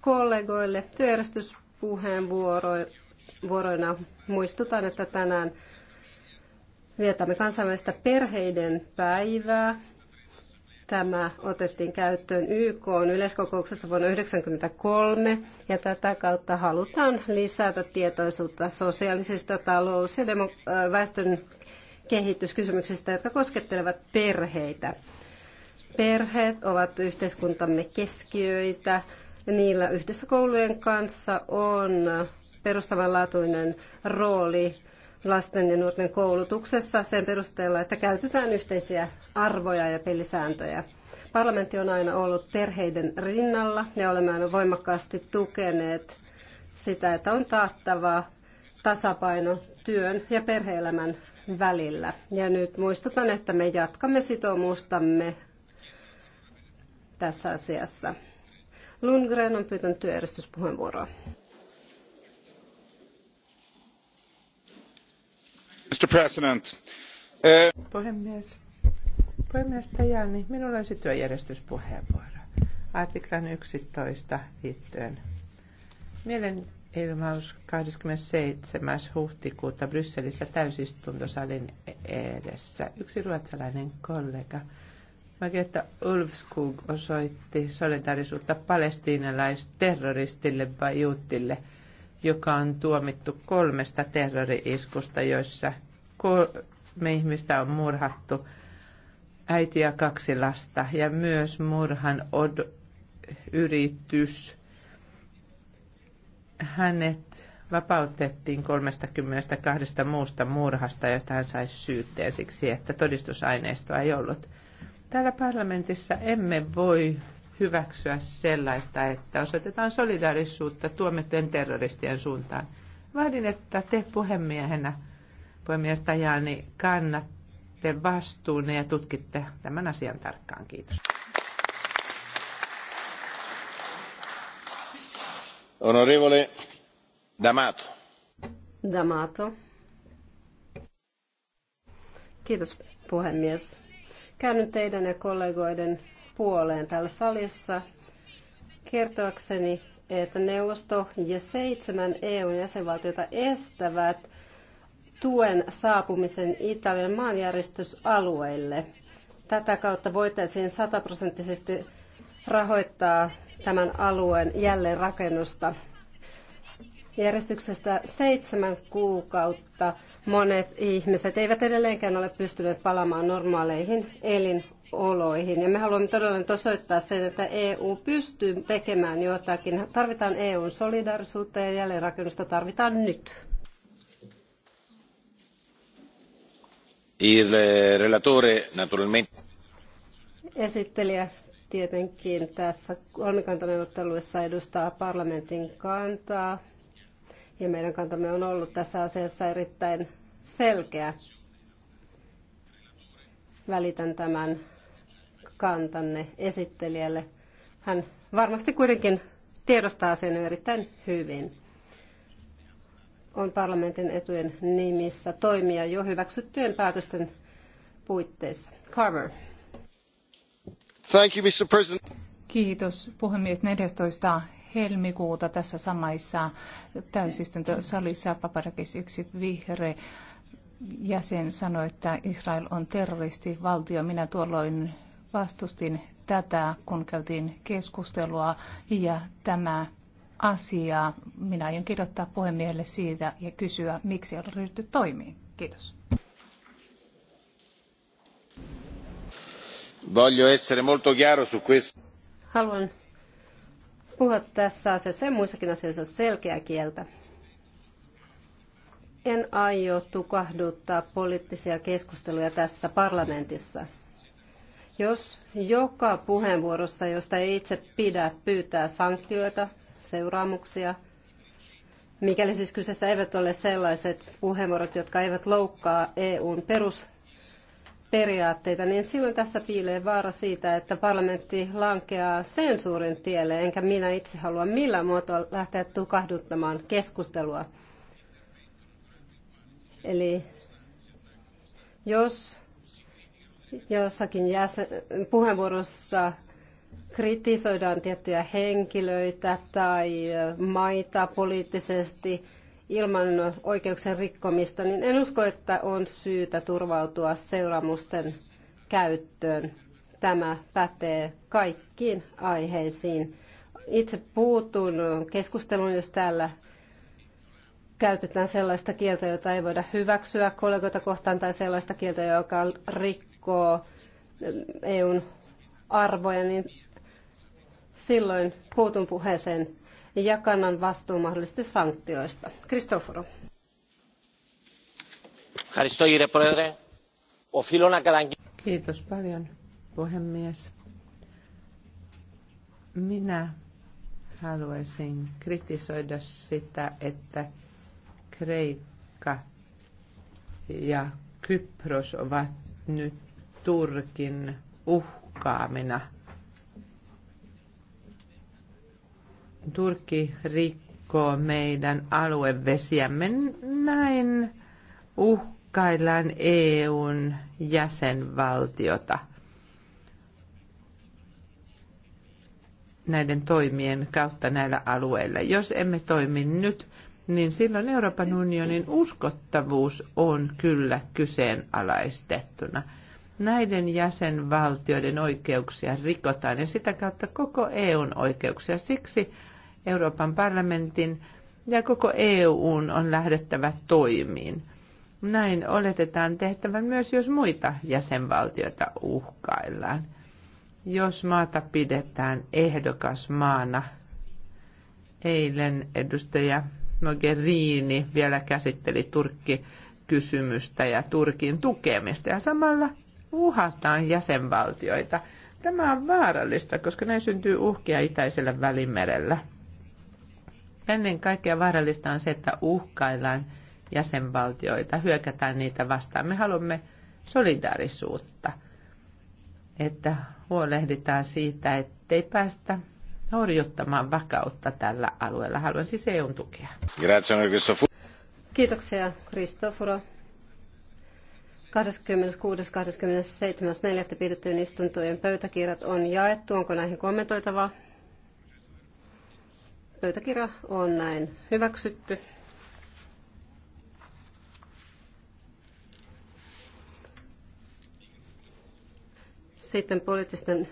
kollegoille työjärjestyspuheenvuoroina. Muistutan, että tänään vietämme kansainvälistä perheiden päivää. Tämä otettiin käyttöön YK yleiskokouksessa vuonna 1993 ja tätä kautta halutaan lisätä tietoisuutta sosiaalisista talous- ja äh, väestön kehityskysymyksistä, jotka koskettelevat perheitä. Perheet ovat yhteiskuntamme keskiöitä Niillä yhdessä koulujen kanssa on perustavanlaatuinen rooli lasten ja nuorten koulutuksessa sen perusteella, että käytetään yhteisiä arvoja ja pelisääntöjä. Parlamentti on aina ollut perheiden rinnalla ja olemme aina voimakkaasti tukeneet sitä, että on taattava tasapaino työn ja perheelämän välillä. Ja nyt muistutan, että me jatkamme sitoumustamme tässä asiassa. Lundgren on pyytänyt työjärjestyspuheenvuoroa. Mr. President. Eh, Puhemies. Puhemies Tajani, minulla olisi työjärjestyspuheenvuoro. Artiklan 11 liittyen. Mielenilmaus 27. huhtikuuta Brysselissä täysistuntosalin e-, edessä. Yksi ruotsalainen kollega Magetta Ulfskog osoitti solidaarisuutta palestiinalaisterroristille Bajutille, joka on tuomittu kolmesta terrori-iskusta, joissa kolme ihmistä on murhattu, äiti ja kaksi lasta, ja myös murhan od- yritys. Hänet vapautettiin 32 muusta murhasta, josta hän sai syytteen siksi, että todistusaineistoa ei ollut – Täällä parlamentissa emme voi hyväksyä sellaista, että osoitetaan solidaarisuutta tuomittujen terroristien suuntaan. Vaadin, että te puhemiehenä, puhemies Tajani, kannatte vastuunne ja tutkitte tämän asian tarkkaan. Kiitos. Onorevole D'Amato. D'Amato. Kiitos puhemies Käyn teidän ja kollegoiden puoleen täällä salissa kertoakseni, että neuvosto ja seitsemän EUn jäsenvaltiota estävät tuen saapumisen Italian maanjäristysalueille. Tätä kautta voitaisiin sataprosenttisesti rahoittaa tämän alueen jälleenrakennusta. Järjestyksestä seitsemän kuukautta monet ihmiset eivät edelleenkään ole pystyneet palaamaan normaaleihin elinoloihin. Ja me haluamme todella osoittaa sen, että EU pystyy tekemään jotakin. Tarvitaan EUn solidaarisuutta ja jälleenrakennusta tarvitaan nyt. Il relatore naturalmente. Esittelijä tietenkin tässä kolmikantaneuvotteluissa edustaa parlamentin kantaa ja meidän kantamme on ollut tässä asiassa erittäin selkeä. Välitän tämän kantanne esittelijälle. Hän varmasti kuitenkin tiedostaa sen erittäin hyvin. On parlamentin etujen nimissä toimia jo hyväksyttyjen päätösten puitteissa. Carver. Thank you, Mr. President. Kiitos puhemies 14 helmikuuta tässä samassa täysistuntosalissa Paparakis yksi vihre jäsen sanoi, että Israel on terroristivaltio. Minä tuolloin vastustin tätä, kun käytiin keskustelua ja tämä asia. Minä aion kirjoittaa puhemiehelle siitä ja kysyä, miksi on ryhdytty toimiin. Kiitos. Voglio essere molto chiaro su questo. Haluan puhua tässä asiassa ja muissakin asioissa selkeää kieltä. En aio tukahduttaa poliittisia keskusteluja tässä parlamentissa. Jos joka puheenvuorossa, josta ei itse pidä, pyytää sanktioita, seuraamuksia, mikäli siis kyseessä eivät ole sellaiset puheenvuorot, jotka eivät loukkaa EUn perus periaatteita, niin silloin tässä piilee vaara siitä, että parlamentti lankeaa sensuurin tielle, enkä minä itse halua millään muotoa lähteä tukahduttamaan keskustelua. Eli jos jossakin jäsen, puheenvuorossa kritisoidaan tiettyjä henkilöitä tai maita poliittisesti, ilman oikeuksien rikkomista, niin en usko, että on syytä turvautua seuraamusten käyttöön. Tämä pätee kaikkiin aiheisiin. Itse puutun keskusteluun, jos täällä käytetään sellaista kieltä, jota ei voida hyväksyä kollegoita kohtaan tai sellaista kieltä, joka rikkoo eh, EUn arvoja, niin silloin puutun puheeseen ja kannan vastuu mahdollisista sanktioista. Kristoforo. Kiitos paljon, puhemies. Minä haluaisin kritisoida sitä, että Kreikka ja Kypros ovat nyt Turkin uhkaamina – Turkki rikkoo meidän aluevesiämme. Näin uhkaillaan EUn jäsenvaltiota näiden toimien kautta näillä alueilla. Jos emme toimi nyt, niin silloin Euroopan unionin uskottavuus on kyllä kyseenalaistettuna. Näiden jäsenvaltioiden oikeuksia rikotaan ja sitä kautta koko EUn oikeuksia. Siksi Euroopan parlamentin ja koko EUn on lähdettävä toimiin. Näin oletetaan tehtävän myös, jos muita jäsenvaltioita uhkaillaan. Jos maata pidetään ehdokasmaana, eilen edustaja Mogherini vielä käsitteli Turkki-kysymystä ja Turkin tukemista ja samalla uhataan jäsenvaltioita. Tämä on vaarallista, koska näin syntyy uhkia itäisellä välimerellä. Ennen kaikkea vaarallista on se, että uhkaillaan jäsenvaltioita, hyökätään niitä vastaan. Me haluamme solidaarisuutta, että huolehditaan siitä, ettei päästä horjuttamaan vakautta tällä alueella. Haluan siis EUn tukea. Kiitoksia, Kristoforo. 26.27.4. pidettyjen istuntojen pöytäkirjat on jaettu. Onko näihin kommentoitavaa? Pöytäkirja on näin hyväksytty. Sitten poliittisten